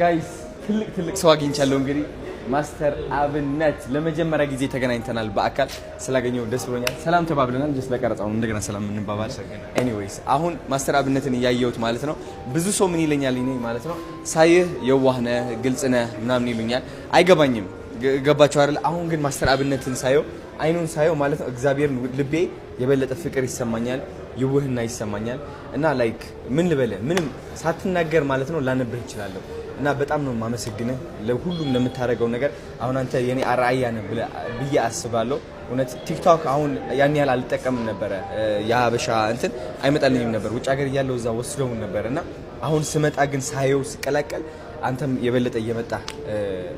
ጋይስ ትልቅ ትልቅ ሰው አግኝቻለሁ። እንግዲህ ማስተር አብነት ለመጀመሪያ ጊዜ ተገናኝተናል በአካል ስላገኘው ደስ ብሎኛል። ሰላም ተባብለናል። ጀስት ለቀረጻው እንደገና ሰላም እንባባል። ኤኒዌይስ አሁን ማስተር አብነትን እያየሁት ማለት ነው። ብዙ ሰው ምን ይለኛል እኔ ማለት ነው፣ ሳይህ የዋህነህ ግልጽነ ምናምን ይሉኛል። አይገባኝም። ገባቸው አይደል? አሁን ግን ማስተር አብነትን ሳየው አይኑን ሳየው ማለት ነው እግዚአብሔርን ልቤ የበለጠ ፍቅር ይሰማኛል። ይውህና ይሰማኛል እና ላይክ ምን ልበለ ምንም ሳትናገር ማለት ነው ላነብህ እችላለሁ እና በጣም ነው የማመሰግንህ ለሁሉም ለምታደርገው ነገር። አሁን አንተ የኔ አርአያ ነህ ብዬ አስባለሁ። እውነት ቲክቶክ አሁን ያን ያህል አልጠቀምም ነበረ። የሀበሻ እንትን አይመጣልኝም ነበር ውጭ ሀገር እያለው እዛ ወስደውን ነበር እና አሁን ስመጣ ግን ሳየው ስቀላቀል አንተም የበለጠ እየመጣ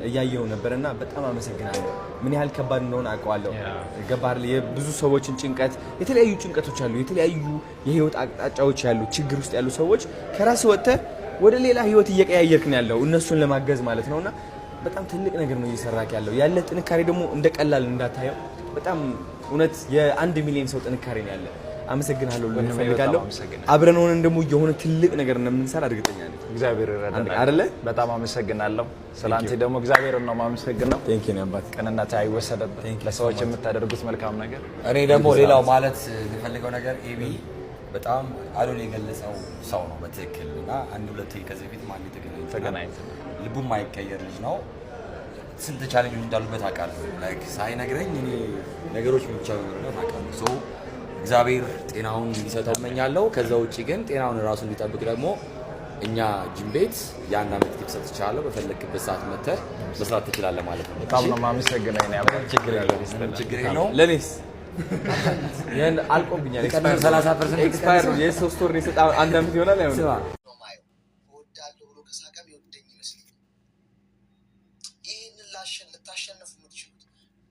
እያየው ነበር እና በጣም አመሰግናለሁ። ምን ያህል ከባድ እንደሆነ አውቀዋለሁ። ገባር የብዙ ሰዎችን ጭንቀት፣ የተለያዩ ጭንቀቶች አሉ፣ የተለያዩ የህይወት አቅጣጫዎች ያሉ ችግር ውስጥ ያሉ ሰዎች ከራስ ወጥተ ወደ ሌላ ህይወት እየቀያየርክ ነው ያለው እነሱን ለማገዝ ማለት ነው እና በጣም ትልቅ ነገር ነው እየሰራክ ያለው። ያለ ጥንካሬ ደግሞ እንደቀላል እንዳታየው። በጣም እውነት የአንድ ሚሊዮን ሰው ጥንካሬ ነው ያለ አመሰግናለሁ ልፈልጋለሁ። አብረን ሆነን ደግሞ የሆነ ትልቅ ነገር እንደምንሰራ እርግጠኛ ነኝ። እግዚአብሔር ይረዳናል አይደለ? በጣም አመሰግናለሁ። ስለአንተ ደግሞ እግዚአብሔር ነው የማመሰግነው። ቴንክ ዩ አባት። ቅንነት አይወሰደብን ለሰዎች የምታደርጉት መልካም ነገር። እኔ ደግሞ ሌላው ማለት የሚፈልገው ነገር ኤቢ በጣም አዶን የገለጸው ሰው ነው በትክክል እና አንድ ሁለት ከዚህ በፊት ማን ተገናኝተን ልቡ ማይቀየር ልጅ ነው። ስንት ቻሌንጆች እንዳሉበት አውቃለሁ። ላይክ ሳይነግረኝ እኔ ነገሮች ብቻ ነው አውቃለሁ ሰው እግዚአብሔር ጤናውን እንዲሰጠው እመኛለሁ። ከዛ ውጭ ግን ጤናውን ራሱ እንዲጠብቅ ደግሞ እኛ ጅም ቤት የአንድ ዓመት ጊዜ ሰጥ ይችላለሁ። በፈለግክበት ሰዓት መጥተህ መስራት ትችላለህ ማለት ነው። በጣም ነው የማመሰግነው። ችግር የለውም። ለእኔስ ይህን አልቆብኛል። ኤክስፓየር ነው የሶስት ወር የሰጠ አንድ ዓመት ይሆናል። አይሆንም ይህንን ልታሸንፉ የምትችሉት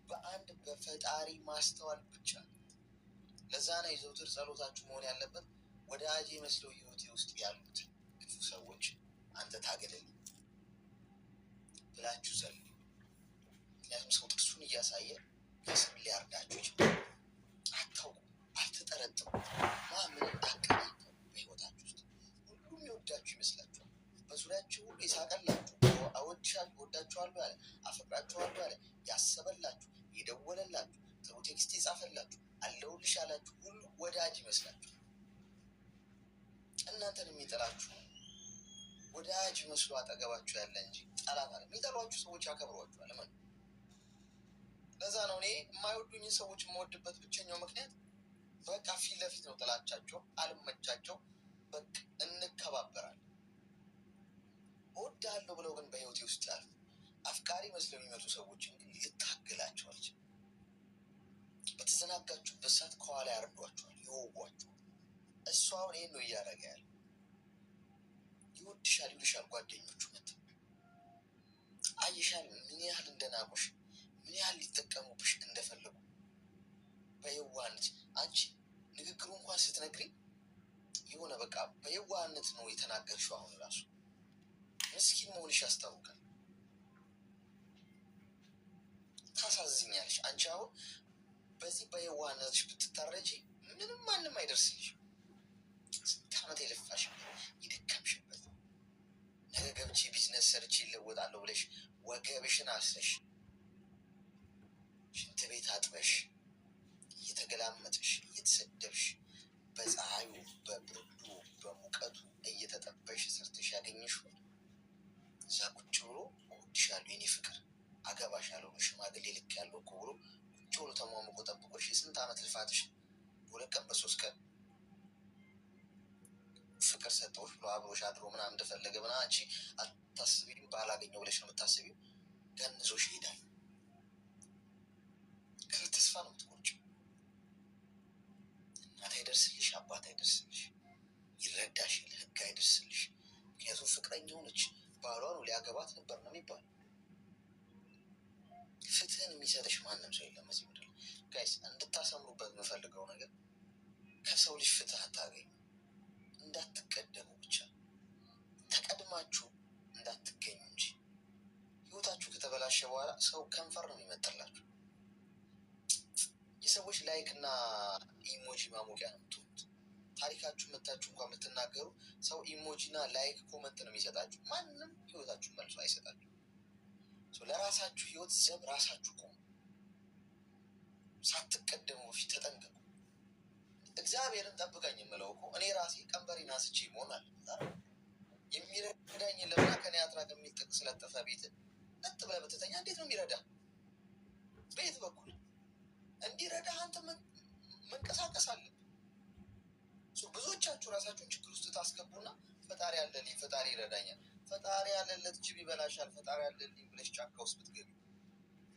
በአንድ በፈጣሪ ማስተዋል ብቻ ነው። ለዛ ነው የዘውትር ጸሎታችሁ መሆን ያለበት። ወደ አጅ መስለው ህይወቴ ውስጥ ያሉት ክፉ ሰዎች አንተ ታገለኝ ብላችሁ ጸልዩ። ምክንያቱም ሰው ጥርሱን እያሳየ ከስም ሊያርዳችሁ ይችላል። አታውቁ፣ አልተጠረጥሩ ማምን ምን እንዳቀናኘው በህይወታችሁ ውስጥ ሁሉም የወዳችሁ ይመስላችኋል። በዙሪያችሁ ሁሉ የሳቀላችሁ፣ አወድሻለሁ፣ ወዳችኋለሁ ያለ አፈቅራችኋለሁ ያለ ያሰበላችሁ የደወለ ይመስላችኋል? እናንተን የሚጠላችሁ ወዳጅ መስሎ አጠገባችሁ ያለ እንጂ ጠላት አለ። የሚጠሏችሁ ሰዎች ያከብሯችኋል ማለት ነው። ለዛ ነው እኔ የማይወዱኝን ሰዎች የምወድበት ብቸኛው ምክንያት በቃ ፊት ለፊት ነው ጥላቻቸው፣ አልመቻቸው፣ በቃ እንከባበራል። እወድሃለሁ ብለው ግን በህይወቴ ውስጥ ያሉ አፍቃሪ መስለው የሚመጡ ሰዎችን ግን ልታገላቸው አልችልም። በተዘናጋችሁበት ሰዓት ከኋላ ያርዷችኋል፣ ይወጓችኋል። እሱ አሁን ይህን ነው እያደረገ ያለ። ይወድሻል፣ ይሉሻል ጓደኞቹ መት አይሻል ምን ያህል እንደናቁሽ፣ ምን ያህል ሊጠቀሙብሽ እንደፈለጉ በየዋነት አንቺ ንግግሩ እንኳን ስትነግሪ የሆነ በቃ በየዋህነት ነው የተናገርሽው። አሁን ራሱ ምስኪን መሆንሽ ያስታውቃል። ታሳዝኛለሽ አንቺ አሁን በዚህ በየዋህነትሽ ብትታረጂ ምንም ማንም አይደርስልሽ። ስንት ዓመት የለፋሽ የደከምሽበት ነገ ገብቼ ቢዝነስ ሰርቼ ይለወጣለሁ ብለሽ ወገብሽን አስረሽ ሽንት ቤት አጥበሽ እየተገላመጥሽ ዓመት ልፋትሽ በሁለት ቀን በሶስት ቀን ፍቅር ሰጠውሽ ብሎ አብሮሽ አድሮ ምናምን እንደፈለገ ምና አንቺ አታስቢም። ባላገኘው ብለሽ ነው የምታስቢው። ገንዞሽ ይሄዳል። ተስፋ ነው የምትቆርጪው። እናት አይደርስልሽ፣ አባት አይደርስልሽ፣ ይረዳሽ ህግ አይደርስልሽ። ምክንያቱም ፍቅረኛው ነች፣ ባሏ ነው፣ ሊያገባት ነበር ነው የሚባለው። ፍትህን የሚሰጥሽ ማንም ሰው የለም እዚህ ጋይስ እንድታሰምሩበት የምፈልገው ነገር ከሰው ልጅ ፍትህ አታገኙ። እንዳትቀደሙ ብቻ ተቀድማችሁ እንዳትገኙ እንጂ ህይወታችሁ ከተበላሸ በኋላ ሰው ከንፈር ነው የሚመጥላችሁ። የሰዎች ላይክ እና ኢሞጂ ማሞቂያ ነው የምትሆኑት። ታሪካችሁ መታችሁ እንኳ የምትናገሩ ሰው ኢሞጂና ላይክ ኮመንት ነው የሚሰጣችሁ። ማንም ህይወታችሁ መልሶ አይሰጣችሁ። ለራሳችሁ ህይወት ዘብ ራሳችሁ ቆሙ። ሳትቀደሙ በፊት ተጠንቀቁ። እግዚአብሔርን ጠብቀኝ የምለው እኮ እኔ ራሴ ቀንበሬን አንስቼ መሆን አለ የሚረዳኝ ለምና ከኔ አትራቅ የሚል ጥቅስ ስለጠፈ ቤት ነጥ ብለህ ብትተኛ እንዴት ነው የሚረዳ? በየት በኩል እንዲረዳ አንተ መንቀሳቀስ አለብህ። ብዙዎቻችሁ ራሳችሁን ችግር ውስጥ ታስገቡና ፈጣሪ አለልኝ፣ ፈጣሪ ይረዳኛል፣ ፈጣሪ ያለለት ጅብ ይበላሻል፣ ፈጣሪ አለልኝ ብለሽ ጫካ ውስጥ ብትገቢ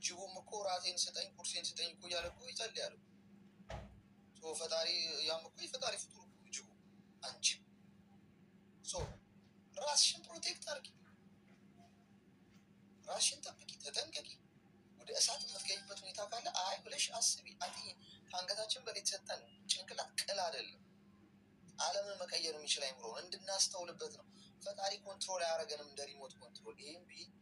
ጅቡም እኮ ራሴን ስጠኝ ቁርሴን ስጠኝ እኮ እያለ እኮ ይጸልያል። ፈጣሪ ያም እኮ የፈጣሪ ፍጡር እኮ ጅቡ አንቺ ራስሽን ፕሮቴክት አርጊ፣ ራስሽን ጠብቂ፣ ተጠንቀቂ። ወደ እሳት የምትገኝበት ሁኔታ ካለ አይ ብለሽ አስቢ። አይ ከአንገታችን በላይ የተሰጠን ጭንቅላት ቅል አይደለም። ዓለምን መቀየር የሚችል አይምሮ እንድናስተውልበት ነው። ፈጣሪ ኮንትሮል አያደረገንም እንደ ሪሞት ኮንትሮል ይህም ቢ